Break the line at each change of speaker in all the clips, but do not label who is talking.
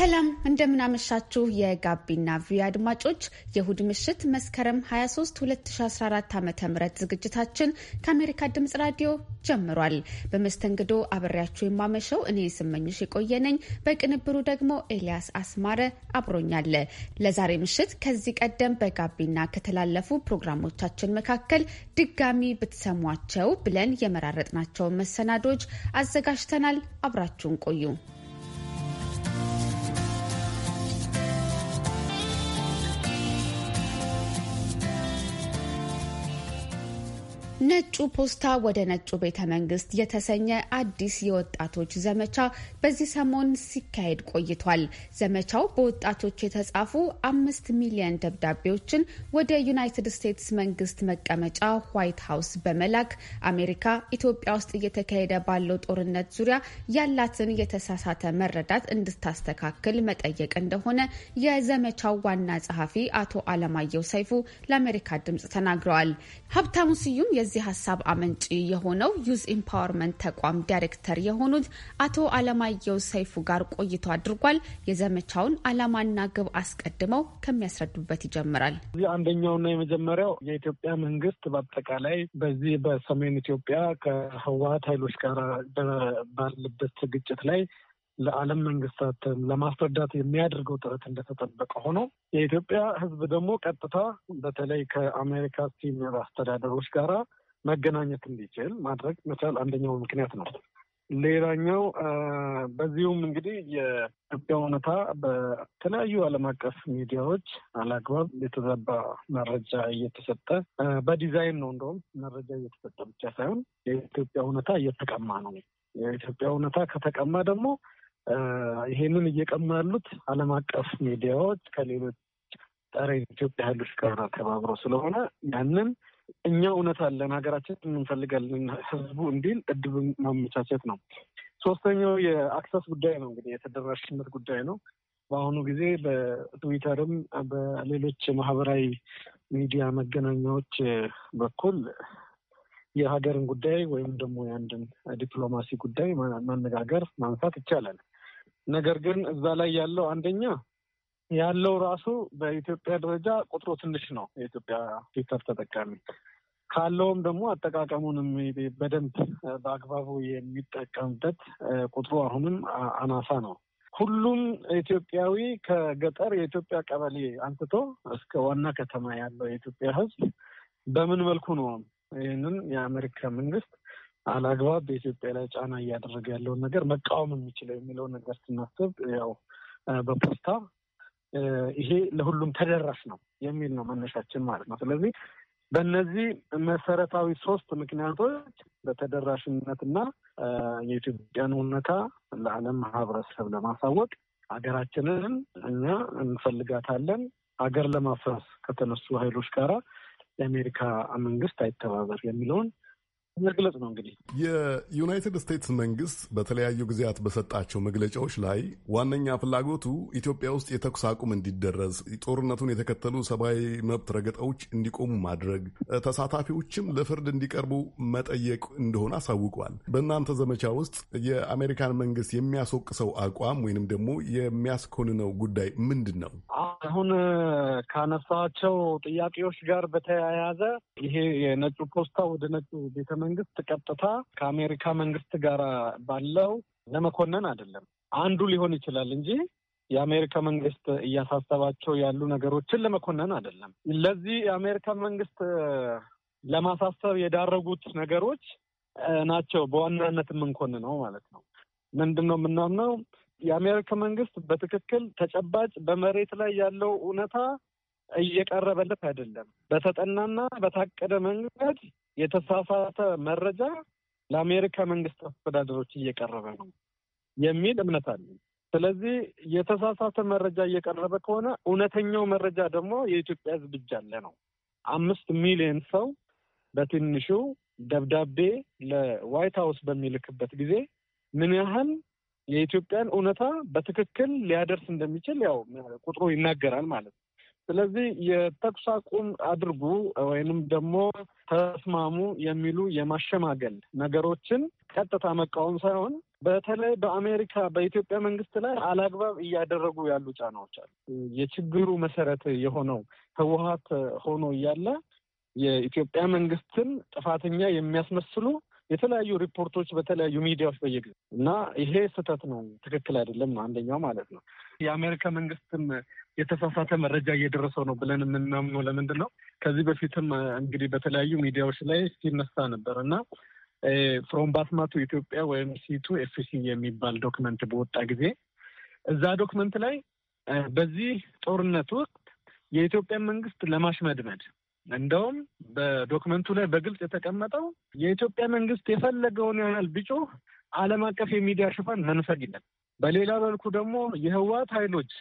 ሰላም እንደምናመሻችሁ የጋቢና ቪ አድማጮች የእሁድ ምሽት መስከረም 23 2014 ዓ ም ዝግጅታችን ከአሜሪካ ድምጽ ራዲዮ ጀምሯል። በመስተንግዶ አብሬያችሁ የማመሸው እኔ ስመኝሽ የቆየነኝ፣ በቅንብሩ ደግሞ ኤልያስ አስማረ አብሮኛለ። ለዛሬ ምሽት ከዚህ ቀደም በጋቢና ከተላለፉ ፕሮግራሞቻችን መካከል ድጋሚ ብትሰሟቸው ብለን የመራረጥናቸውን መሰናዶች አዘጋጅተናል። አብራችሁን ቆዩ። ነጩ ፖስታ ወደ ነጩ ቤተ መንግስት የተሰኘ አዲስ የወጣቶች ዘመቻ በዚህ ሰሞን ሲካሄድ ቆይቷል። ዘመቻው በወጣቶች የተጻፉ አምስት ሚሊዮን ደብዳቤዎችን ወደ ዩናይትድ ስቴትስ መንግስት መቀመጫ ዋይት ሀውስ በመላክ አሜሪካ ኢትዮጵያ ውስጥ እየተካሄደ ባለው ጦርነት ዙሪያ ያላትን የተሳሳተ መረዳት እንድታስተካክል መጠየቅ እንደሆነ የዘመቻው ዋና ጸሐፊ አቶ አለማየሁ ሰይፉ ለአሜሪካ ድምጽ ተናግረዋል። ሀብታሙ ስዩም የዚህ ሀሳብ አመንጪ የሆነው ዩዝ ኢምፓወርመንት ተቋም ዳይሬክተር የሆኑት አቶ አለማየሁ ሰይፉ ጋር ቆይቶ አድርጓል። የዘመቻውን አላማና ግብ አስቀድመው ከሚያስረዱበት ይጀምራል። እዚህ
አንደኛውና የመጀመሪያው የኢትዮጵያ መንግስት በአጠቃላይ በዚህ በሰሜን ኢትዮጵያ ከህወሀት ኃይሎች ጋር ባለበት ግጭት ላይ ለዓለም መንግስታት ለማስረዳት የሚያደርገው ጥረት እንደተጠበቀ ሆኖ የኢትዮጵያ ህዝብ ደግሞ ቀጥታ በተለይ ከአሜሪካ ሲኒየር አስተዳደሮች ጋራ መገናኘት እንዲችል ማድረግ መቻል አንደኛው ምክንያት ነው። ሌላኛው በዚሁም እንግዲህ የኢትዮጵያ እውነታ በተለያዩ ዓለም አቀፍ ሚዲያዎች አላግባብ የተዛባ መረጃ እየተሰጠ በዲዛይን ነው። እንደውም መረጃ እየተሰጠ ብቻ ሳይሆን የኢትዮጵያ እውነታ እየተቀማ ነው። የኢትዮጵያ እውነታ ከተቀማ ደግሞ ይሄንን እየቀማ ያሉት ዓለም አቀፍ ሚዲያዎች ከሌሎች ጸረ ኢትዮጵያ ኃይሎች ጋር ተባብረው ስለሆነ ያንን እኛ እውነት አለን፣ ሀገራችን እንፈልጋለን ህዝቡ እንዲል እድብ ማመቻቸት ነው። ሶስተኛው የአክሰስ ጉዳይ ነው። እንግዲህ የተደራሽነት ጉዳይ ነው። በአሁኑ ጊዜ በትዊተርም በሌሎች የማህበራዊ ሚዲያ መገናኛዎች በኩል የሀገርን ጉዳይ ወይም ደግሞ የአንድን ዲፕሎማሲ ጉዳይ ማነጋገር ማንሳት ይቻላል። ነገር ግን እዛ ላይ ያለው አንደኛ ያለው ራሱ በኢትዮጵያ ደረጃ ቁጥሩ ትንሽ ነው። የኢትዮጵያ ትዊተር ተጠቃሚ ካለውም ደግሞ አጠቃቀሙንም በደንብ በአግባቡ የሚጠቀምበት ቁጥሩ አሁንም አናሳ ነው። ሁሉም ኢትዮጵያዊ ከገጠር የኢትዮጵያ ቀበሌ አንስቶ እስከ ዋና ከተማ ያለው የኢትዮጵያ ሕዝብ በምን መልኩ ነው ይህንን የአሜሪካ መንግስት አላግባብ በኢትዮጵያ ላይ ጫና እያደረገ ያለውን ነገር መቃወም የሚችለው የሚለውን ነገር ስናስብ ያው በፖስታ ይሄ ለሁሉም ተደራሽ ነው የሚል ነው መነሻችን ማለት ነው። ስለዚህ በእነዚህ መሰረታዊ ሶስት ምክንያቶች በተደራሽነትና የኢትዮጵያን እውነታ ለዓለም ማህበረሰብ ለማሳወቅ ሀገራችንን እኛ እንፈልጋታለን። ሀገር ለማፍረስ ከተነሱ ኃይሎች ጋራ የአሜሪካ መንግስት አይተባበር የሚለውን
መግለጽ ነው። እንግዲህ የዩናይትድ ስቴትስ መንግስት በተለያዩ ጊዜያት በሰጣቸው መግለጫዎች ላይ ዋነኛ ፍላጎቱ ኢትዮጵያ ውስጥ የተኩስ አቁም እንዲደረስ፣ ጦርነቱን የተከተሉ ሰብአዊ መብት ረገጣዎች እንዲቆሙ ማድረግ፣ ተሳታፊዎችም ለፍርድ እንዲቀርቡ መጠየቅ እንደሆነ አሳውቋል። በእናንተ ዘመቻ ውስጥ የአሜሪካን መንግስት የሚያስወቅሰው አቋም ወይንም ደግሞ የሚያስኮንነው ጉዳይ ምንድን ነው?
አሁን ካነሳቸው ጥያቄዎች ጋር በተያያዘ ይሄ የነጩ ፖስታ ወደ ነጩ ቤተመ መንግስት ቀጥታ ከአሜሪካ መንግስት ጋር ባለው ለመኮነን አይደለም አንዱ ሊሆን ይችላል እንጂ የአሜሪካ መንግስት እያሳሰባቸው ያሉ ነገሮችን ለመኮነን አይደለም። ለዚህ የአሜሪካ መንግስት ለማሳሰብ የዳረጉት ነገሮች ናቸው በዋናነት የምንኮንነው ማለት ነው። ምንድን ነው የምናምነው? የአሜሪካ መንግስት በትክክል ተጨባጭ በመሬት ላይ ያለው እውነታ እየቀረበለት አይደለም። በተጠናና በታቀደ መንገድ የተሳሳተ መረጃ ለአሜሪካ መንግስት አስተዳደሮች እየቀረበ ነው የሚል እምነት አለ። ስለዚህ የተሳሳተ መረጃ እየቀረበ ከሆነ እውነተኛው መረጃ ደግሞ የኢትዮጵያ ሕዝብ እጅ አለ ነው። አምስት ሚሊዮን ሰው በትንሹ ደብዳቤ ለዋይት ሀውስ በሚልክበት ጊዜ ምን ያህል የኢትዮጵያን እውነታ በትክክል ሊያደርስ እንደሚችል ያው ቁጥሩ ይናገራል ማለት ነው። ስለዚህ የተኩስ አቁም አድርጉ ወይንም ደግሞ ተስማሙ የሚሉ የማሸማገል ነገሮችን ቀጥታ መቃወም ሳይሆን በተለይ በአሜሪካ በኢትዮጵያ መንግስት ላይ አላግባብ እያደረጉ ያሉ ጫናዎች አሉ። የችግሩ መሰረት የሆነው ህወሀት ሆኖ እያለ የኢትዮጵያ መንግስትን ጥፋተኛ የሚያስመስሉ የተለያዩ ሪፖርቶች በተለያዩ ሚዲያዎች በየጊዜ እና ይሄ ስህተት ነው፣ ትክክል አይደለም። አንደኛው ማለት ነው የአሜሪካ መንግስትም የተሳሳተ መረጃ እየደረሰው ነው ብለን የምናምነው ለምንድን ነው? ከዚህ በፊትም እንግዲህ በተለያዩ ሚዲያዎች ላይ ሲነሳ ነበር እና ፍሮም ባስማቱ ኢትዮጵያ ወይም ሲቱ ኤፍሲ የሚባል ዶክመንት በወጣ ጊዜ እዛ ዶክመንት ላይ በዚህ ጦርነት ወቅት የኢትዮጵያ መንግስት ለማሽመድመድ እንደውም በዶክመንቱ ላይ በግልጽ የተቀመጠው የኢትዮጵያ መንግስት የፈለገውን ያህል ቢጮህ ዓለም አቀፍ የሚዲያ ሽፋን መንፈግ ይላል። በሌላ መልኩ ደግሞ የህወሓት ኃይሎች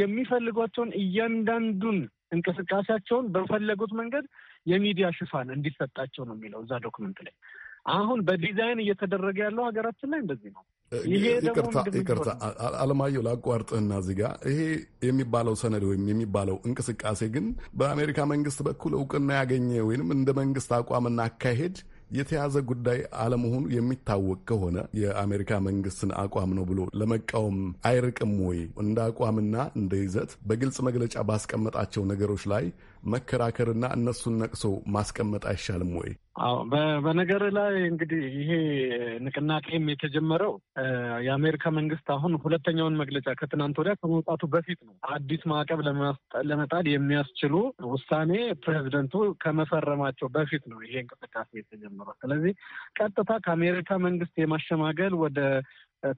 የሚፈልጓቸውን እያንዳንዱን እንቅስቃሴያቸውን በፈለጉት መንገድ የሚዲያ ሽፋን እንዲሰጣቸው ነው የሚለው እዛ ዶክመንት ላይ። አሁን በዲዛይን እየተደረገ ያለው ሀገራችን ላይ እንደዚህ ነው። ይቅርታ
አለማየሁ ላቋርጥህና እዚህ ጋ ይሄ የሚባለው ሰነድ ወይም የሚባለው እንቅስቃሴ ግን በአሜሪካ መንግስት በኩል እውቅና ያገኘ ወይንም እንደ መንግስት አቋምና አካሄድ የተያዘ ጉዳይ አለመሆኑ የሚታወቅ ከሆነ የአሜሪካ መንግስትን አቋም ነው ብሎ ለመቃወም አይርቅም ወይ? እንደ አቋምና እንደ ይዘት በግልጽ መግለጫ ባስቀመጣቸው ነገሮች ላይ መከራከርና እነሱን ነቅሶ ማስቀመጥ አይሻልም ወይ?
በነገር ላይ እንግዲህ ይሄ ንቅናቄም የተጀመረው የአሜሪካ መንግስት አሁን ሁለተኛውን መግለጫ ከትናንት ወዲያ ከመውጣቱ በፊት ነው። አዲስ ማዕቀብ ለመጣል የሚያስችሉ ውሳኔ ፕሬዚደንቱ ከመፈረማቸው በፊት ነው ይሄ እንቅስቃሴ የተጀመረው። ስለዚህ ቀጥታ ከአሜሪካ መንግስት የማሸማገል ወደ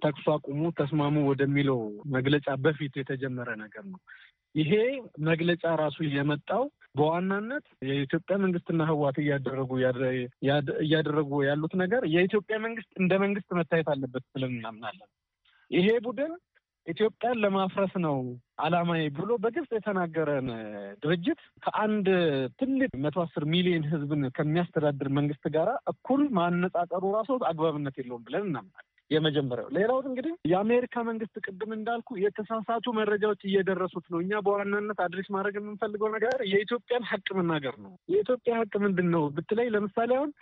ተኩስ አቁሙ ተስማሙ ወደሚለው መግለጫ በፊት የተጀመረ ነገር ነው። ይሄ መግለጫ ራሱ የመጣው በዋናነት የኢትዮጵያ መንግስትና ህዋት እያደረጉ እያደረጉ ያሉት ነገር የኢትዮጵያ መንግስት እንደ መንግስት መታየት አለበት ብለን እናምናለን። ይሄ ቡድን ኢትዮጵያን ለማፍረስ ነው አላማዬ ብሎ በግልጽ የተናገረን ድርጅት ከአንድ ትልቅ መቶ አስር ሚሊዮን ህዝብን ከሚያስተዳድር መንግስት ጋር እኩል ማነጻጸሩ ራሱ አግባብነት የለውም ብለን እናምናለን። የመጀመሪያው። ሌላው እንግዲህ የአሜሪካ መንግስት ቅድም እንዳልኩ የተሳሳቱ መረጃዎች እየደረሱት ነው። እኛ በዋናነት አድሬስ ማድረግ የምንፈልገው ነገር የኢትዮጵያን ሀቅ መናገር ነው። የኢትዮጵያ ሀቅ ምንድን ነው ብትለይ፣ ለምሳሌ አሁን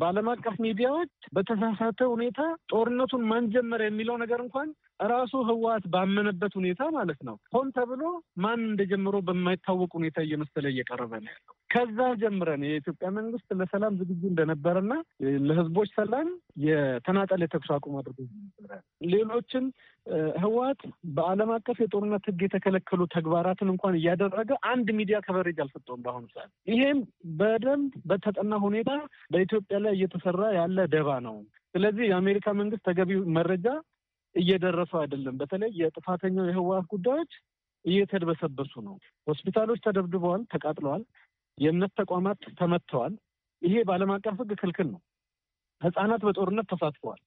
በዓለም አቀፍ ሚዲያዎች በተሳሳተ ሁኔታ ጦርነቱን ማን ጀመረ የሚለው ነገር እንኳን ራሱ ህወሓት ባመነበት ሁኔታ ማለት ነው ሆን ተብሎ ማን እንደጀምሮ በማይታወቅ ሁኔታ እየመሰለ እየቀረበ ነው ያለው። ከዛ ጀምረን የኢትዮጵያ መንግስት ለሰላም ዝግጁ እንደነበረና ለህዝቦች ሰላም የተናጠል የተኩስ አቁም አድርጎ ሌሎችን ህወሓት በዓለም አቀፍ የጦርነት ህግ የተከለከሉ ተግባራትን እንኳን እያደረገ አንድ ሚዲያ ከበሬጅ አልሰጠውም በአሁኑ ሰዓት። ይሄም በደንብ በተጠና ሁኔታ በኢትዮጵያ ላይ እየተሰራ ያለ ደባ ነው። ስለዚህ የአሜሪካ መንግስት ተገቢ መረጃ እየደረሰው አይደለም። በተለይ የጥፋተኛው የህወሓት ጉዳዮች እየተድበሰበሱ ነው። ሆስፒታሎች ተደብድበዋል፣ ተቃጥለዋል፣ የእምነት ተቋማት ተመትተዋል። ይሄ በዓለም አቀፍ ህግ ክልክል ነው። ህጻናት በጦርነት ተሳትፈዋል።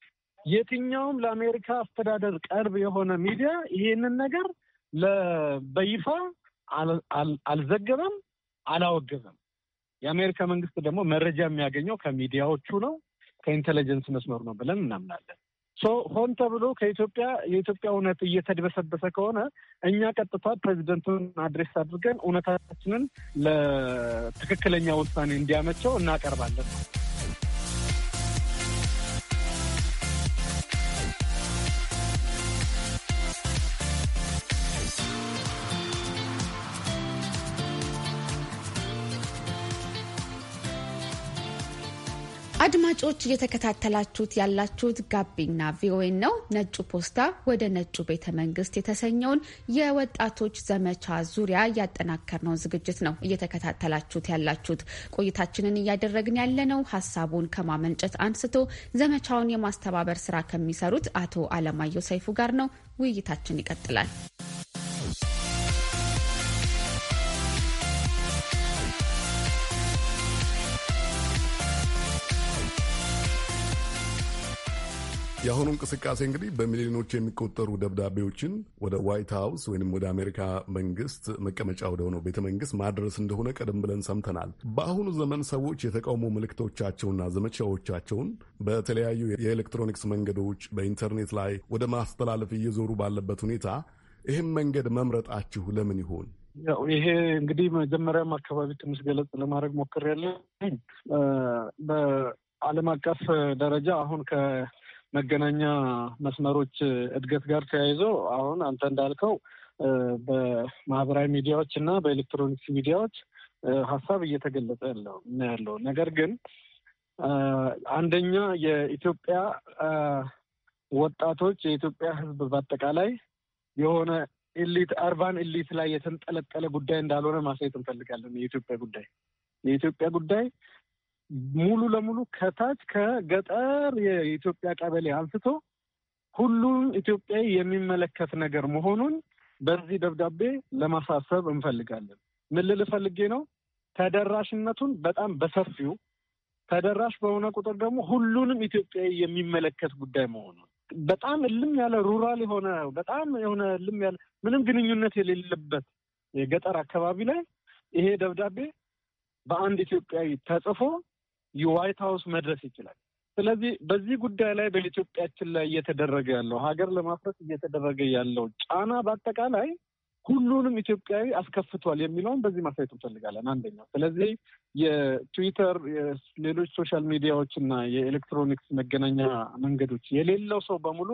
የትኛውም ለአሜሪካ አስተዳደር ቅርብ የሆነ ሚዲያ ይሄንን ነገር በይፋ አልዘገበም፣ አላወገዘም። የአሜሪካ መንግስት ደግሞ መረጃ የሚያገኘው ከሚዲያዎቹ ነው፣ ከኢንቴሊጀንስ መስመር ነው ብለን እናምናለን። ሆን ተብሎ ከኢትዮጵያ የኢትዮጵያ እውነት እየተድበሰበሰ ከሆነ እኛ ቀጥታ ፕሬዚደንቱን አድሬስ አድርገን እውነታችንን ለትክክለኛ ውሳኔ እንዲያመቸው እናቀርባለን።
አድማጮች እየተከታተላችሁት ያላችሁት ጋቢና ቪኦኤ ነው። ነጩ ፖስታ ወደ ነጩ ቤተ መንግስት የተሰኘውን የወጣቶች ዘመቻ ዙሪያ ያጠናከርነውን ዝግጅት ነው እየተከታተላችሁት ያላችሁት። ቆይታችንን እያደረግን ያለነው ሀሳቡን ከማመንጨት አንስቶ ዘመቻውን የማስተባበር ስራ ከሚሰሩት አቶ አለማየሁ ሰይፉ ጋር ነው። ውይይታችን ይቀጥላል።
የአሁኑ እንቅስቃሴ እንግዲህ በሚሊዮኖች የሚቆጠሩ ደብዳቤዎችን ወደ ዋይት ሀውስ ወይም ወደ አሜሪካ መንግስት መቀመጫ ወደሆነው ቤተ መንግስት ማድረስ እንደሆነ ቀደም ብለን ሰምተናል። በአሁኑ ዘመን ሰዎች የተቃውሞ ምልክቶቻቸውና ዘመቻዎቻቸውን በተለያዩ የኤሌክትሮኒክስ መንገዶች በኢንተርኔት ላይ ወደ ማስተላለፍ እየዞሩ ባለበት ሁኔታ ይህም መንገድ መምረጣችሁ ለምን ይሆን?
ይሄ እንግዲህ መጀመሪያም አካባቢ ትንሽ ገለጽ ለማድረግ ሞክሬያለሁ። በዓለም አቀፍ ደረጃ አሁን መገናኛ መስመሮች እድገት ጋር ተያይዞ አሁን አንተ እንዳልከው በማህበራዊ ሚዲያዎች እና በኤሌክትሮኒክስ ሚዲያዎች ሀሳብ እየተገለጸ ያለው ያለው ነገር ግን አንደኛ የኢትዮጵያ ወጣቶች የኢትዮጵያ ሕዝብ በአጠቃላይ የሆነ ኢሊት አርባን ኢሊት ላይ የተንጠለጠለ ጉዳይ እንዳልሆነ ማሳየት እንፈልጋለን። የኢትዮጵያ ጉዳይ የኢትዮጵያ ጉዳይ ሙሉ ለሙሉ ከታች ከገጠር የኢትዮጵያ ቀበሌ አንስቶ ሁሉም ኢትዮጵያዊ የሚመለከት ነገር መሆኑን በዚህ ደብዳቤ ለማሳሰብ እንፈልጋለን። ምን ልል ፈልጌ ነው? ተደራሽነቱን በጣም በሰፊው ተደራሽ በሆነ ቁጥር ደግሞ ሁሉንም ኢትዮጵያዊ የሚመለከት ጉዳይ መሆኑን በጣም እልም ያለ ሩራል የሆነ በጣም የሆነ እልም ያለ ምንም ግንኙነት የሌለበት የገጠር አካባቢ ላይ ይሄ ደብዳቤ በአንድ ኢትዮጵያዊ ተጽፎ የዋይት ሀውስ መድረስ ይችላል። ስለዚህ በዚህ ጉዳይ ላይ በኢትዮጵያችን ላይ እየተደረገ ያለው ሀገር ለማፍረስ እየተደረገ ያለው ጫና በአጠቃላይ ሁሉንም ኢትዮጵያዊ አስከፍቷል የሚለውን በዚህ ማሳየት እንፈልጋለን። አንደኛው ስለዚህ የትዊተር ሌሎች ሶሻል ሚዲያዎች እና የኤሌክትሮኒክስ መገናኛ መንገዶች የሌለው ሰው በሙሉ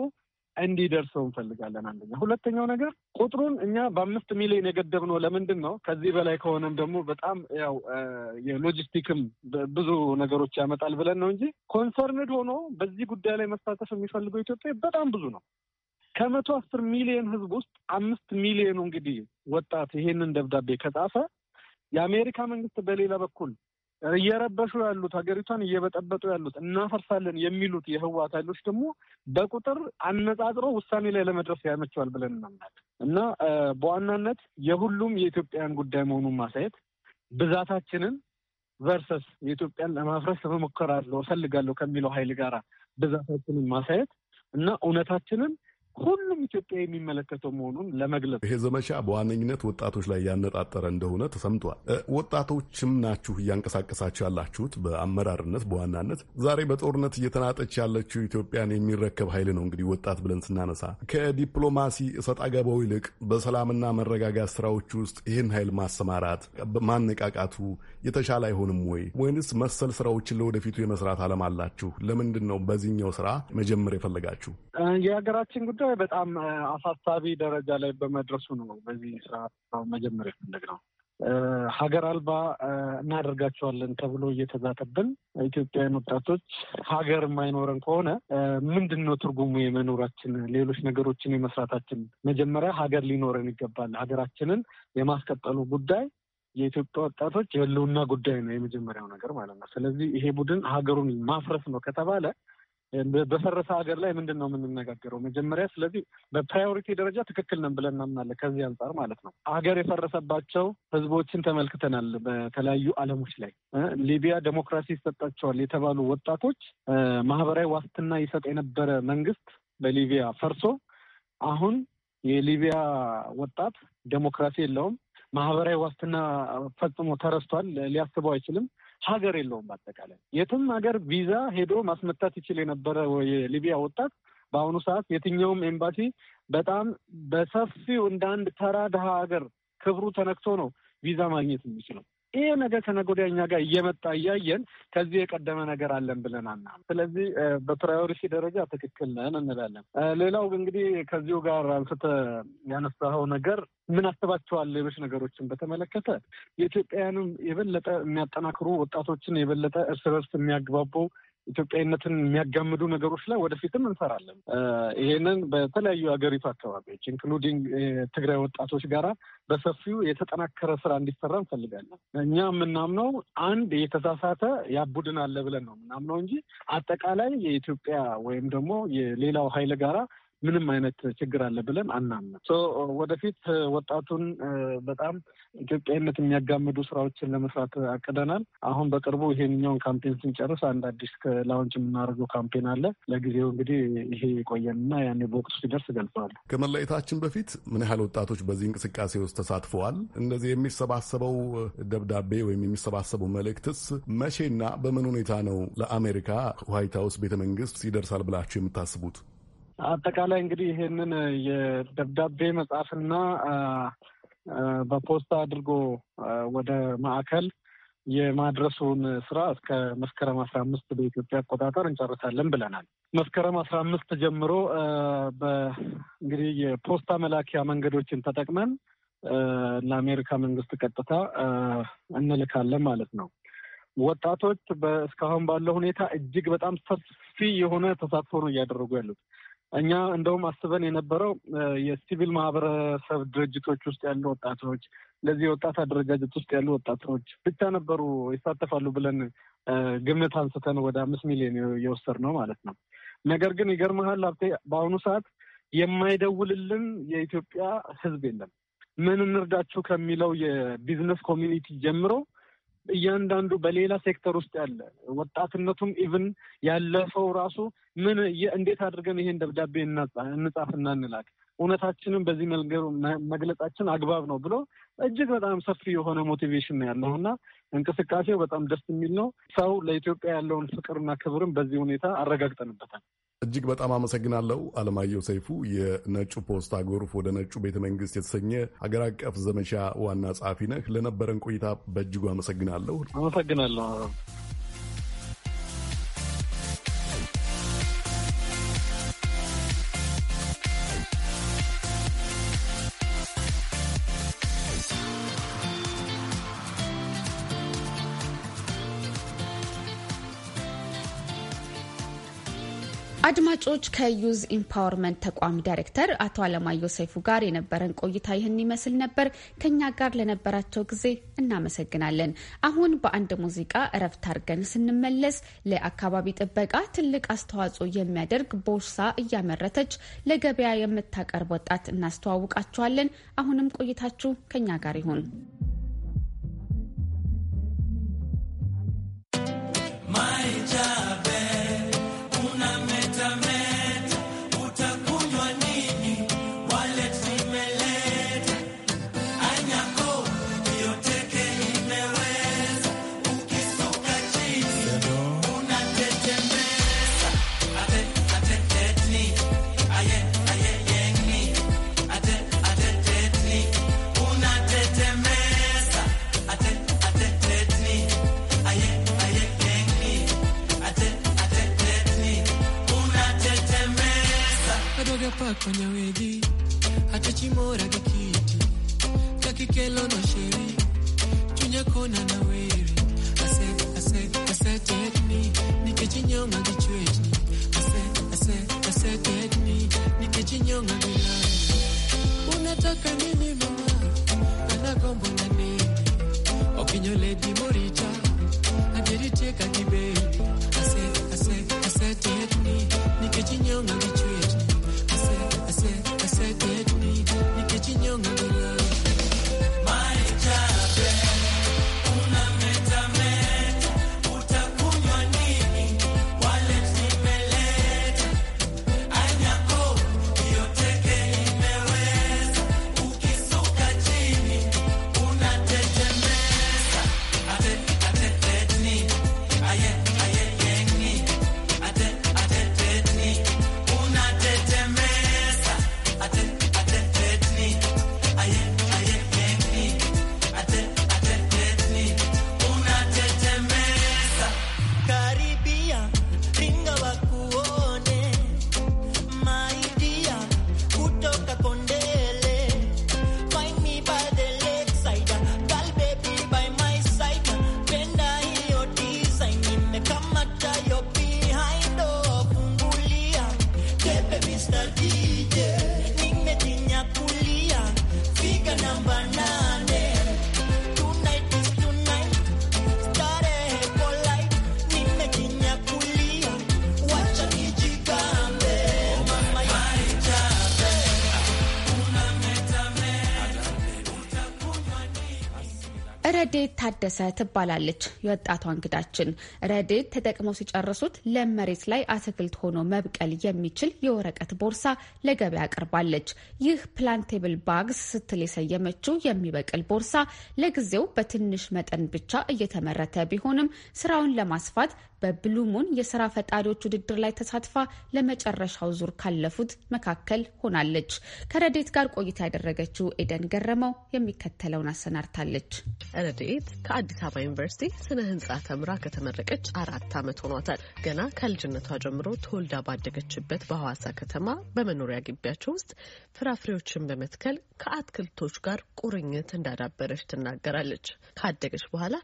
እንዲደርሰው እንፈልጋለን። አንደኛ። ሁለተኛው ነገር ቁጥሩን እኛ በአምስት ሚሊዮን የገደብነው ለምንድን ነው? ከዚህ በላይ ከሆነም ደግሞ በጣም ያው የሎጂስቲክም ብዙ ነገሮች ያመጣል ብለን ነው እንጂ ኮንሰርንድ ሆኖ በዚህ ጉዳይ ላይ መሳተፍ የሚፈልገው ኢትዮጵያ በጣም ብዙ ነው። ከመቶ አስር ሚሊዮን ህዝብ ውስጥ አምስት ሚሊዮኑ እንግዲህ ወጣት ይሄንን ደብዳቤ ከጻፈ የአሜሪካ መንግስት በሌላ በኩል እየረበሹ ያሉት ሀገሪቷን እየበጠበጡ ያሉት እናፈርሳለን የሚሉት የህወሓት ኃይሎች ደግሞ በቁጥር አነጻጽሮ ውሳኔ ላይ ለመድረስ ያመቸዋል ብለን እናምናለን እና በዋናነት የሁሉም የኢትዮጵያውያን ጉዳይ መሆኑን ማሳየት ብዛታችንን ቨርሰስ የኢትዮጵያን ለማፍረስ እሞክራለሁ እፈልጋለሁ ከሚለው ኃይል ጋር
ብዛታችንን ማሳየት እና እውነታችንን ሁሉም ኢትዮጵያ የሚመለከተው መሆኑን ለመግለጽ ይሄ ዘመቻ በዋነኝነት ወጣቶች ላይ ያነጣጠረ እንደሆነ ተሰምቷል። ወጣቶችም ናችሁ እያንቀሳቀሳችሁ ያላችሁት በአመራርነት በዋናነት ዛሬ በጦርነት እየተናጠች ያለችው ኢትዮጵያን የሚረከብ ኃይል ነው። እንግዲህ ወጣት ብለን ስናነሳ ከዲፕሎማሲ እሰጥ አገባው ይልቅ በሰላምና መረጋጋት ስራዎች ውስጥ ይህን ኃይል ማሰማራት ማነቃቃቱ የተሻለ አይሆንም ወይ? ወይንስ መሰል ስራዎችን ለወደፊቱ የመስራት አለም አላችሁ? ለምንድን ነው በዚህኛው ስራ መጀመር የፈለጋችሁ?
የሀገራችን ጉዳይ በጣም አሳሳቢ ደረጃ ላይ በመድረሱ ነው በዚህ ስራ መጀመር ነው። ሀገር አልባ እናደርጋቸዋለን ተብሎ እየተዛተብን ኢትዮጵያውያን ወጣቶች ሀገር የማይኖረን ከሆነ ምንድን ነው ትርጉሙ የመኖራችን? ሌሎች ነገሮችን የመስራታችን? መጀመሪያ ሀገር ሊኖረን ይገባል። ሀገራችንን የማስቀጠሉ ጉዳይ የኢትዮጵያ ወጣቶች የህልውና ጉዳይ ነው የመጀመሪያው ነገር ማለት ነው። ስለዚህ ይሄ ቡድን ሀገሩን ማፍረስ ነው ከተባለ በፈረሰ ሀገር ላይ ምንድን ነው የምንነጋገረው? መጀመሪያ ስለዚህ በፕራዮሪቲ ደረጃ ትክክል ነን ብለን እናምናለን። ከዚህ አንጻር ማለት ነው ሀገር የፈረሰባቸው ህዝቦችን ተመልክተናል። በተለያዩ አለሞች ላይ ሊቢያ ዴሞክራሲ ይሰጣቸዋል የተባሉ ወጣቶች ማህበራዊ ዋስትና ይሰጥ የነበረ መንግስት በሊቢያ ፈርሶ አሁን የሊቢያ ወጣት ዴሞክራሲ የለውም። ማህበራዊ ዋስትና ፈጽሞ ተረስቷል። ሊያስበው አይችልም። ሀገር የለውም። በአጠቃላይ የትም ሀገር ቪዛ ሄዶ ማስመታት ይችል የነበረ የሊቢያ ወጣት በአሁኑ ሰዓት የትኛውም ኤምባሲ በጣም በሰፊው እንደ አንድ ተራ ድሃ ሀገር ክብሩ ተነክቶ ነው ቪዛ ማግኘት የሚችለው። ይሄ ነገር ከነገ ወዲያ እኛ ጋር እየመጣ እያየን ከዚህ የቀደመ ነገር አለን አና ስለዚህ በፕራዮሪቲ ደረጃ ትክክል ነን እንላለን። ሌላው እንግዲህ ከዚሁ ጋር አንስተ ያነሳኸው ነገር ምን አስባቸዋል ሌሎች ነገሮችን በተመለከተ የኢትዮጵያውያንም የበለጠ የሚያጠናክሩ ወጣቶችን የበለጠ እርስ በርስ የሚያግባቡ ኢትዮጵያዊነትን የሚያጋምዱ ነገሮች ላይ ወደፊትም እንሰራለን። ይሄንን በተለያዩ ሀገሪቱ አካባቢዎች ኢንክሉዲንግ ትግራይ ወጣቶች ጋራ በሰፊው የተጠናከረ ስራ እንዲሰራ እንፈልጋለን። እኛ የምናምነው አንድ የተሳሳተ ያቡድን አለ ብለን ነው የምናምነው እንጂ አጠቃላይ የኢትዮጵያ ወይም ደግሞ የሌላው ሀይል ጋራ ምንም አይነት ችግር አለ ብለን አናምንም። ወደፊት ወጣቱን በጣም ኢትዮጵያዊነት የሚያጋምዱ ስራዎችን ለመስራት አቅደናል። አሁን በቅርቡ ይሄንኛውን ካምፔን ስንጨርስ አንድ አዲስ ላውንች የምናደርገው ካምፔን አለ። ለጊዜው እንግዲህ ይሄ ይቆየንና ያኔ በወቅቱ ሲደርስ እገልጸዋለሁ።
ከመለየታችን በፊት ምን ያህል ወጣቶች በዚህ እንቅስቃሴ ውስጥ ተሳትፈዋል? እንደዚህ የሚሰባሰበው ደብዳቤ ወይም የሚሰባሰበው መልእክትስ መቼና በምን ሁኔታ ነው ለአሜሪካ ዋይት ሀውስ ቤተ መንግስት ይደርሳል ብላችሁ የምታስቡት?
አጠቃላይ እንግዲህ ይህንን የደብዳቤ መጻፍና በፖስታ አድርጎ ወደ ማዕከል የማድረሱን ስራ እስከ መስከረም አስራ አምስት በኢትዮጵያ አቆጣጠር እንጨርሳለን ብለናል። መስከረም አስራ አምስት ጀምሮ እንግዲህ የፖስታ መላኪያ መንገዶችን ተጠቅመን ለአሜሪካ መንግስት ቀጥታ እንልካለን ማለት ነው። ወጣቶች እስካሁን ባለው ሁኔታ እጅግ በጣም ሰፊ የሆነ ተሳትፎ ነው እያደረጉ ያሉት። እኛ እንደውም አስበን የነበረው የሲቪል ማህበረሰብ ድርጅቶች ውስጥ ያሉ ወጣቶች ለዚህ የወጣት አደረጃጀት ውስጥ ያሉ ወጣቶች ብቻ ነበሩ ይሳተፋሉ ብለን ግምት አንስተን ወደ አምስት ሚሊዮን የወሰድነው ማለት ነው። ነገር ግን ይገርመሃል ሀብቴ፣ በአሁኑ ሰዓት የማይደውልልን የኢትዮጵያ ሕዝብ የለም። ምን እንርዳችሁ ከሚለው የቢዝነስ ኮሚኒቲ ጀምሮ እያንዳንዱ በሌላ ሴክተር ውስጥ ያለ ወጣትነቱም ኢቭን ያለፈው ራሱ ምን እንዴት አድርገን ይሄን ደብዳቤ እንጻፍና እንላክ እውነታችንም በዚህ መልገሩ መግለጻችን አግባብ ነው ብሎ እጅግ በጣም ሰፊ የሆነ ሞቲቬሽን ነው ያለው እና እንቅስቃሴው በጣም ደስ የሚል ነው። ሰው ለኢትዮጵያ ያለውን ፍቅርና ክብርም በዚህ ሁኔታ አረጋግጠንበታል።
እጅግ በጣም አመሰግናለሁ አለማየሁ ሰይፉ፣ የነጩ ፖስታ ጎርፍ ወደ ነጩ ቤተ መንግስት የተሰኘ ሀገር አቀፍ ዘመቻ ዋና ጸሐፊ ነህ። ለነበረን ቆይታ በእጅጉ አመሰግናለሁ።
አመሰግናለሁ።
አድማጮች ከዩዝ ኢምፓወርመንት ተቋም ዳይሬክተር አቶ አለማየሁ ሰይፉ ጋር የነበረን ቆይታ ይህን ይመስል ነበር። ከኛ ጋር ለነበራቸው ጊዜ እናመሰግናለን። አሁን በአንድ ሙዚቃ እረፍት አድርገን ስንመለስ ለአካባቢ ጥበቃ ትልቅ አስተዋጽኦ የሚያደርግ ቦርሳ እያመረተች ለገበያ የምታቀርብ ወጣት እናስተዋውቃችኋለን። አሁንም ቆይታችሁ ከኛ ጋር ይሁን። when you're ረዴት ታደሰ ትባላለች የወጣቷ እንግዳችን። ረዴት ተጠቅመው ሲጨርሱት ለም መሬት ላይ አትክልት ሆኖ መብቀል የሚችል የወረቀት ቦርሳ ለገበያ አቅርባለች። ይህ ፕላንቴብል ባግስ ስትል የሰየመችው የሚበቅል ቦርሳ ለጊዜው በትንሽ መጠን ብቻ እየተመረተ ቢሆንም ስራውን ለማስፋት በብሉሙን የስራ ፈጣሪዎች ውድድር ላይ ተሳትፋ ለመጨረሻው ዙር ካለፉት መካከል ሆናለች። ከረዴት ጋር ቆይታ ያደረገችው
ኤደን ገረመው የሚከተለውን አሰናድታለች። ረዴት ከአዲስ አበባ ዩኒቨርሲቲ ስነ ህንፃ ተምራ ከተመረቀች አራት ዓመት ሆኗታል። ገና ከልጅነቷ ጀምሮ ተወልዳ ባደገችበት በሐዋሳ ከተማ በመኖሪያ ግቢያቸው ውስጥ ፍራፍሬዎችን በመትከል ከአትክልቶች ጋር ቁርኝት እንዳዳበረች ትናገራለች። ካደገች በኋላ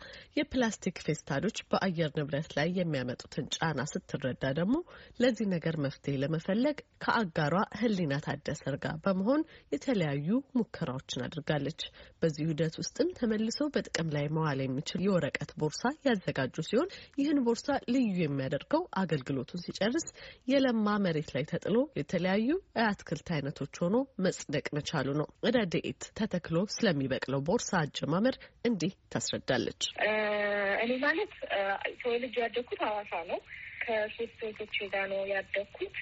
የፕላስቲክ ፌስታሎች በአየር ንብረት ላይ የሚያመጡትን ጫና ስትረዳ ደግሞ ለዚህ ነገር መፍትሄ ለመፈለግ ከአጋሯ ህሊና ታደሰ ጋር በመሆን የተለያዩ ሙከራዎችን አድርጋለች። በዚህ ሂደት ውስጥም ተመልሶ በጥቅም ላይ መዋል የሚችል የወረቀት ቦርሳ ያዘጋጁ ሲሆን ይህን ቦርሳ ልዩ የሚያደርገው አገልግሎቱን ሲጨርስ የለማ መሬት ላይ ተጥሎ የተለያዩ የአትክልት አይነቶች ሆኖ መጽደቅ መቻሉ ነው። ረድኤት ተተክሎ ስለሚበቅለው ቦርሳ አጀማመር እንዲህ ታስረዳለች።
እኔ ማለት ተወልጄ ያደግኩት ሀዋሳ ነው። ከሶስት እህቶቼ ጋ ነው ያደግኩት።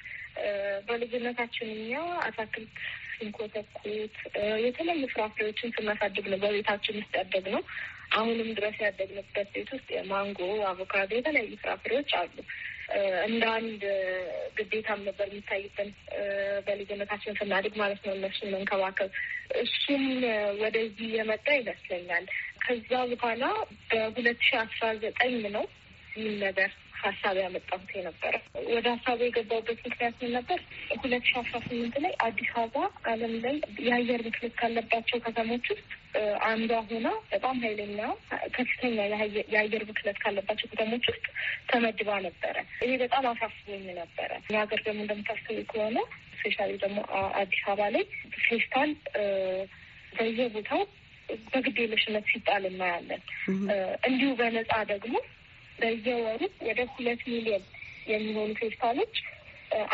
በልጅነታችን እኛ አታክልት ስንኮተኩት የተለያዩ ፍራፍሬዎችን ስናሳድግ ነው በቤታችን ውስጥ ያደግነው። አሁንም ድረስ ያደግንበት ቤት ውስጥ የማንጎ፣ አቮካዶ፣ የተለያዩ ፍራፍሬዎች አሉ። እንደ አንድ ግዴታም ነበር የሚታይብን በልጅነታችን ስናድግ ማለት ነው እነሱን መንከባከብ። እሱም ወደዚህ የመጣ ይመስለኛል። ከዛ በኋላ በሁለት ሺ አስራ ዘጠኝ ነው የሚል ነገር ሀሳብ ያመጣሁት የነበረ ወደ ሀሳቡ የገባሁበት ምክንያት ምን ነበር? ሁለት ሺ አስራ ስምንት ላይ አዲስ አበባ ዓለም ላይ የአየር ብክለት ካለባቸው ከተሞች ውስጥ አንዷ ሆና በጣም ኃይለኛ ከፍተኛ የአየር ብክለት ካለባቸው ከተሞች ውስጥ ተመድባ ነበረ። ይሄ በጣም አሳስቦኝ ነበረ። የሀገር ደግሞ እንደምታስቡ ከሆነ ስፔሻሊ ደግሞ አዲስ አበባ ላይ ፌስታል በየቦታው በግድ የለሽነት ሲጣል እናያለን። እንዲሁ በነፃ ደግሞ በየወሩ ወደ ሁለት ሚሊዮን የሚሆኑ ፌስታሎች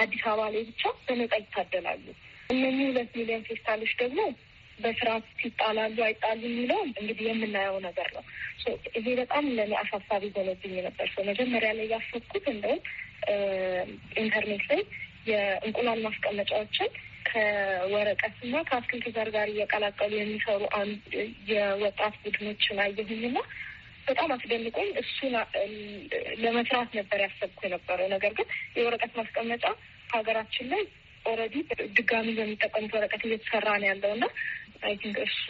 አዲስ አበባ ላይ ብቻ በነጻ ይታደላሉ። እነኚህ ሁለት ሚሊዮን ፌስታሎች ደግሞ በስርዓት ይጣላሉ አይጣሉ የሚለው እንግዲህ የምናየው ነገር ነው። ይሄ በጣም ለእኔ አሳሳቢ ሆኖብኝ ነበር። ሰው መጀመሪያ ላይ ያሰብኩት እንደውም ኢንተርኔት ላይ የእንቁላል ማስቀመጫዎችን ከወረቀት ከወረቀትና ከአትክልት ዘር ጋር እየቀላቀሉ የሚሰሩ አንድ የወጣት ቡድኖችን አየሁኝና በጣም አስደንቆኝ እሱን ለመስራት ነበር ያሰብኩ የነበረው። ነገር ግን የወረቀት ማስቀመጫ ሀገራችን ላይ ኦልሬዲ ድጋሚ በሚጠቀሙት ወረቀት እየተሰራ ነው ያለው እና አይ ቲንክ እሱ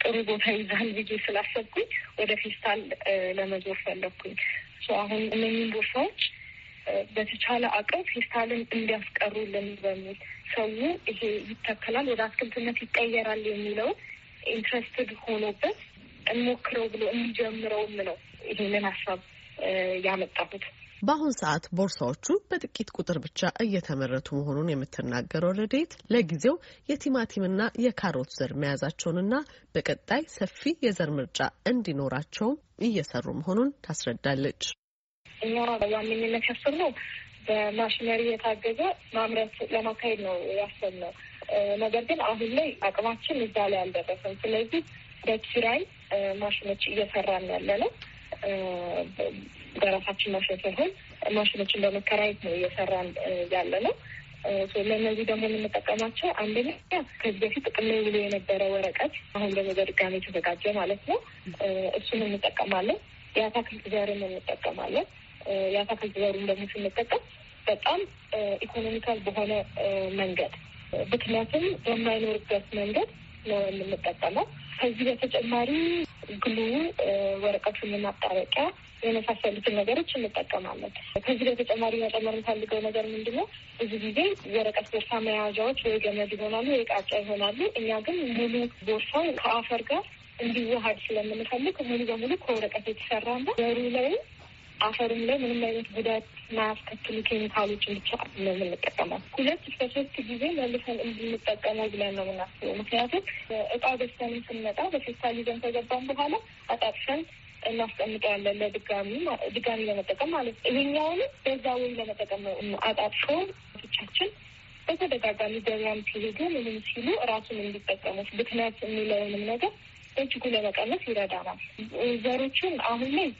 ጥሩ ቦታ ይዛል ብዬ ስላሰብኩኝ ወደ ፌስታል ለመዞር ፈለግኩኝ። አሁን እነኝም ቦርሳዎች በተቻለ አቅም ፌስታልን እንዲያስቀሩልን በሚል ሰው ይሄ ይተከላል፣ ወደ አትክልትነት ይቀየራል የሚለው ኢንትረስትድ ሆኖበት እንሞክረው ብሎ እንጀምረውም ነው ይህንን ሀሳብ ያመጣሁት።
በአሁን ሰዓት ቦርሳዎቹ በጥቂት ቁጥር ብቻ እየተመረቱ መሆኑን የምትናገረው ረዴት ለጊዜው የቲማቲምና የካሮት ዘር መያዛቸውንና በቀጣይ ሰፊ የዘር ምርጫ እንዲኖራቸውም እየሰሩ መሆኑን ታስረዳለች።
እኛ በዋነኝነት ያሰብነው በማሽነሪ የታገዘ ማምረት ለማካሄድ ነው ያሰብነው። ነገር ግን አሁን ላይ አቅማችን እዛ ላይ አልደረሰም። ስለዚህ በኪራይ ማሽኖች እየሰራን ያለ ነው። በራሳችን ማሽን ሳይሆን ማሽኖችን በመከራየት ነው እየሰራን ያለ ነው። ለእነዚህ ደግሞ የምንጠቀማቸው አንደኛ ከዚህ በፊት ጥቅም ላይ ውሎ የነበረ ወረቀት አሁን ደግሞ በድጋሚ የተዘጋጀ ማለት ነው። እሱን እንጠቀማለን። የአታክልት ዘርን እንጠቀማለን። የአታክልት ዘሩን ደግሞ ስንጠቀም በጣም ኢኮኖሚካል በሆነ መንገድ ምክንያቱም በማይኖርበት መንገድ ነው የምንጠቀመው። ከዚህ በተጨማሪ ግሉ፣ ወረቀቱን ማጣበቂያ የመሳሰሉትን ነገሮች እንጠቀማለን። ከዚህ በተጨማሪ መጨመር የምፈልገው ነገር ምንድን ነው? ብዙ ጊዜ ወረቀት ቦርሳ መያዣዎች ወይ ገመድ ይሆናሉ ወይ ቃጫ ይሆናሉ። እኛ ግን ሙሉ ቦርሳው ከአፈር ጋር እንዲዋሀድ ስለምንፈልግ ሙሉ በሙሉ ከወረቀት ነው። ዘሩ ላይ አፈርም ላይ ምንም አይነት ጉዳት ማያስከትሉ ኬሚካሎችን ብቻ ነው የምንጠቀመው። ሁለት እስከ ሶስት ጊዜ መልሰን እንድንጠቀመው ብለን ነው የምናስበው። ምክንያቱም እቃ ገዝተንም ስንመጣ በፌስታል ይዘን ከገባን በኋላ አጣጥፈን እናስቀምጠዋለን ለድጋሚ ድጋሚ ለመጠቀም ማለት ነው። ይሄኛውንም በዛ ወይ ለመጠቀም ነው አጣጥፎ ቶቻችን በተደጋጋሚ ገበያም ሲሄዱ ምንም ሲሉ ራሱን እንዲጠቀሙት ብክነት የሚለውንም ነገር እጅጉ ለመቀነስ ይረዳናል። ዘሮችን አሁን ላይ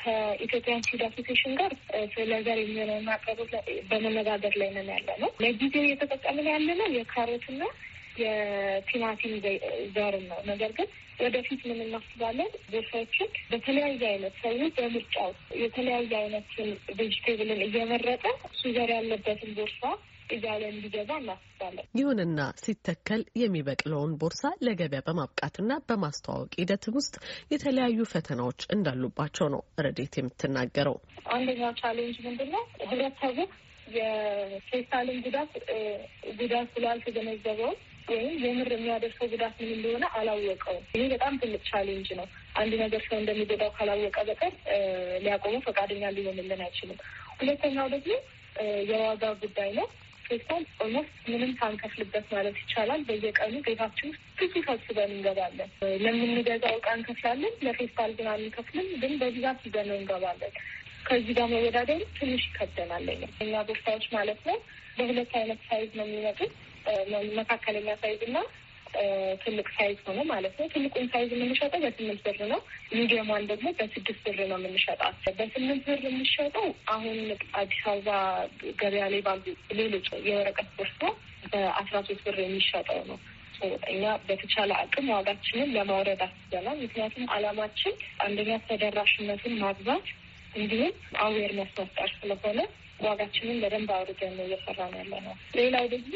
ከኢትዮጵያን ሲድ አሶሴሽን ጋር ስለ ዘር በመነጋገር ላይ ነን ያለ ነው። ለጊዜው እየተጠቀምን ያለ ነው የካሮትና የቲማቲም ዘርን ነው። ነገር ግን ወደፊት ምን እናስባለን? ቦርሳዎችን በተለያየ አይነት ሰው በምርጫው የተለያየ አይነትን ቬጅቴብልን እየመረጠ እሱ ዘር ያለበትን ቦርሳ እያለ እንዲገዛ እናስባለን።
ይሁንና ሲተከል የሚበቅለውን ቦርሳ ለገበያ በማብቃትና በማስተዋወቅ ሂደትም ውስጥ የተለያዩ ፈተናዎች እንዳሉባቸው ነው ረዴት የምትናገረው።
አንደኛው ቻሌንጅ ምንድን ነው? ህብረተሰቡ የፌስታልን ጉዳት ጉዳት ስላልተገነዘበው ወይም የምር የሚያደርሰው ጉዳት ምን እንደሆነ አላወቀውም። ይሄ በጣም ትልቅ ቻሌንጅ ነው። አንድ ነገር ሰው እንደሚጎዳው ካላወቀ በቀር ሊያቆሙ ፈቃደኛ ሊሆንልን አይችልም። ሁለተኛው ደግሞ የዋጋ ጉዳይ ነው። ፕላትፎርም ኦልሞስት ምንም ሳንከፍልበት ማለት ይቻላል በየቀኑ ቤታችን ውስጥ ብዙ ከስበን እንገባለን። ለምንገዛው እቃ እንከፍላለን፣ ለፌስታል ግን አንከፍልም። ግን በብዛት ይዘነው እንገባለን። ከዚህ ጋር መወዳደሩ ትንሽ ይከብደናል። እኛ ቦርሳዎች ማለት ነው በሁለት አይነት ሳይዝ ነው የሚመጡት መካከለኛ ሳይዝ እና ትልቅ ሳይዝ ሆኖ ማለት ነው። ትልቁን ሳይዝ የምንሸጠው በስምንት ብር ነው። ሚዲየሟን ደግሞ በስድስት ብር ነው የምንሸጣት። በስምንት ብር የምንሸጠው አሁን አዲስ አበባ ገበያ ላይ ባሉ ሌሎች የወረቀት ቦርሳ በአስራ ሶስት ብር የሚሸጠው ነው። እኛ በተቻለ አቅም ዋጋችንን ለማውረድ አስበናል። ምክንያቱም አላማችን አንደኛ ተደራሽነትን ማግዛት እንዲሁም አዌርነስ መፍጠር ስለሆነ ዋጋችንን በደንብ አውርደን ነው እየሰራ ነው ያለ ነው። ሌላው ደግሞ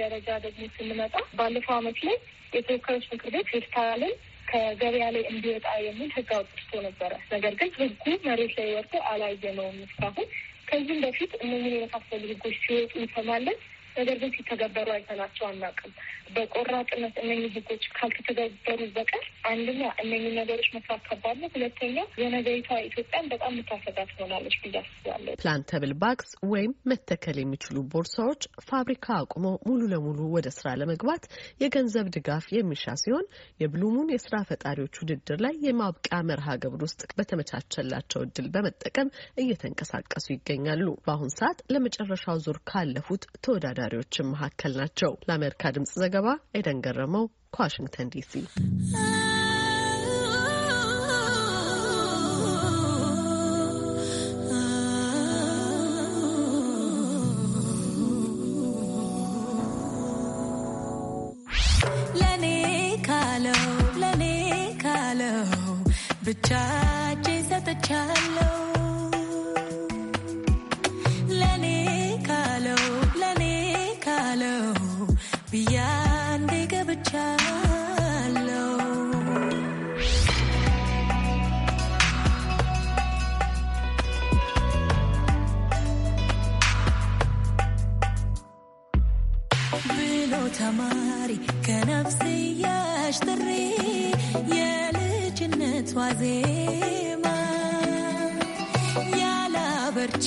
ደረጃ ደግሞ ስንመጣ ባለፈው አመት ላይ የተወካዮች ምክር ቤት ፌስታልን ከገበያ ላይ እንዲወጣ የሚል ህግ አውጥቶ ነበረ። ነገር ግን ህጉ መሬት ላይ አላየ ነው እስካሁን። ከዚህም በፊት እነዚህን የመሳሰሉ ህጎች ሲወጡ እንሰማለን። ነገር ግን ሲተገበሩ አይተናቸው አናውቅም። በቆራጥነት እነኝህ ህጎች ካልተተገበሩ በቀር አንደኛ እነኝህ ነገሮች መስራት ከባድ ነው፣ ሁለተኛ የነገሪቷ ኢትዮጵያን በጣም የምታሰጋ ትሆናለች ብዬ አስባለሁ።
ፕላንተብል ባግስ ወይም መተከል የሚችሉ ቦርሳዎች ፋብሪካ አቁሞ ሙሉ ለሙሉ ወደ ስራ ለመግባት የገንዘብ ድጋፍ የሚሻ ሲሆን የብሉሙን የስራ ፈጣሪዎች ውድድር ላይ የማብቂያ መርሃ ግብር ውስጥ በተመቻቸላቸው እድል በመጠቀም እየተንቀሳቀሱ ይገኛሉ። በአሁን ሰዓት ለመጨረሻው ዙር ካለፉት ተወዳዳ ተወዳዳሪዎችን መካከል ናቸው። ለአሜሪካ ድምጽ ዘገባ ኤደን ገረመው ከዋሽንግተን ዲሲ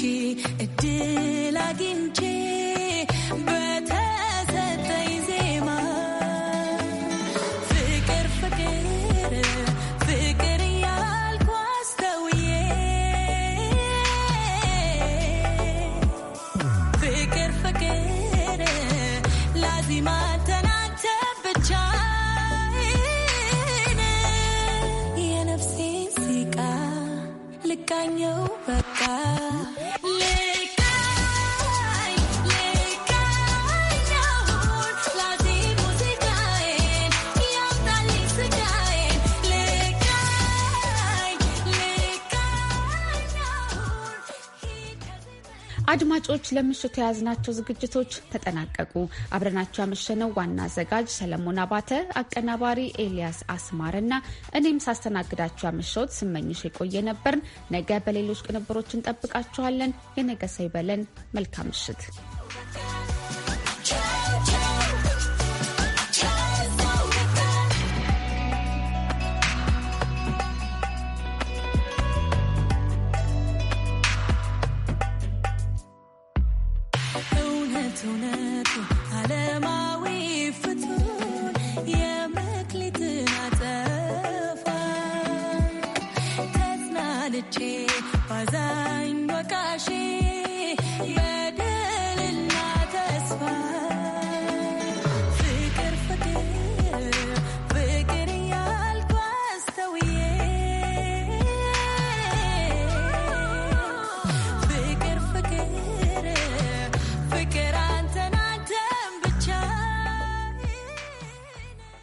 amici e te la ginci.
አድማጮች ለምሽቱ የያዝናቸው ዝግጅቶች ተጠናቀቁ። አብረናቸው ያመሸነው ዋና አዘጋጅ ሰለሞን አባተ፣ አቀናባሪ ኤልያስ አስማር እና እኔም ሳስተናግዳቸው ያመሸሁት ስመኝሽ የቆየ ነበርን። ነገ በሌሎች ቅንብሮች እንጠብቃችኋለን። የነገ ሰው ይበለን። መልካም ምሽት።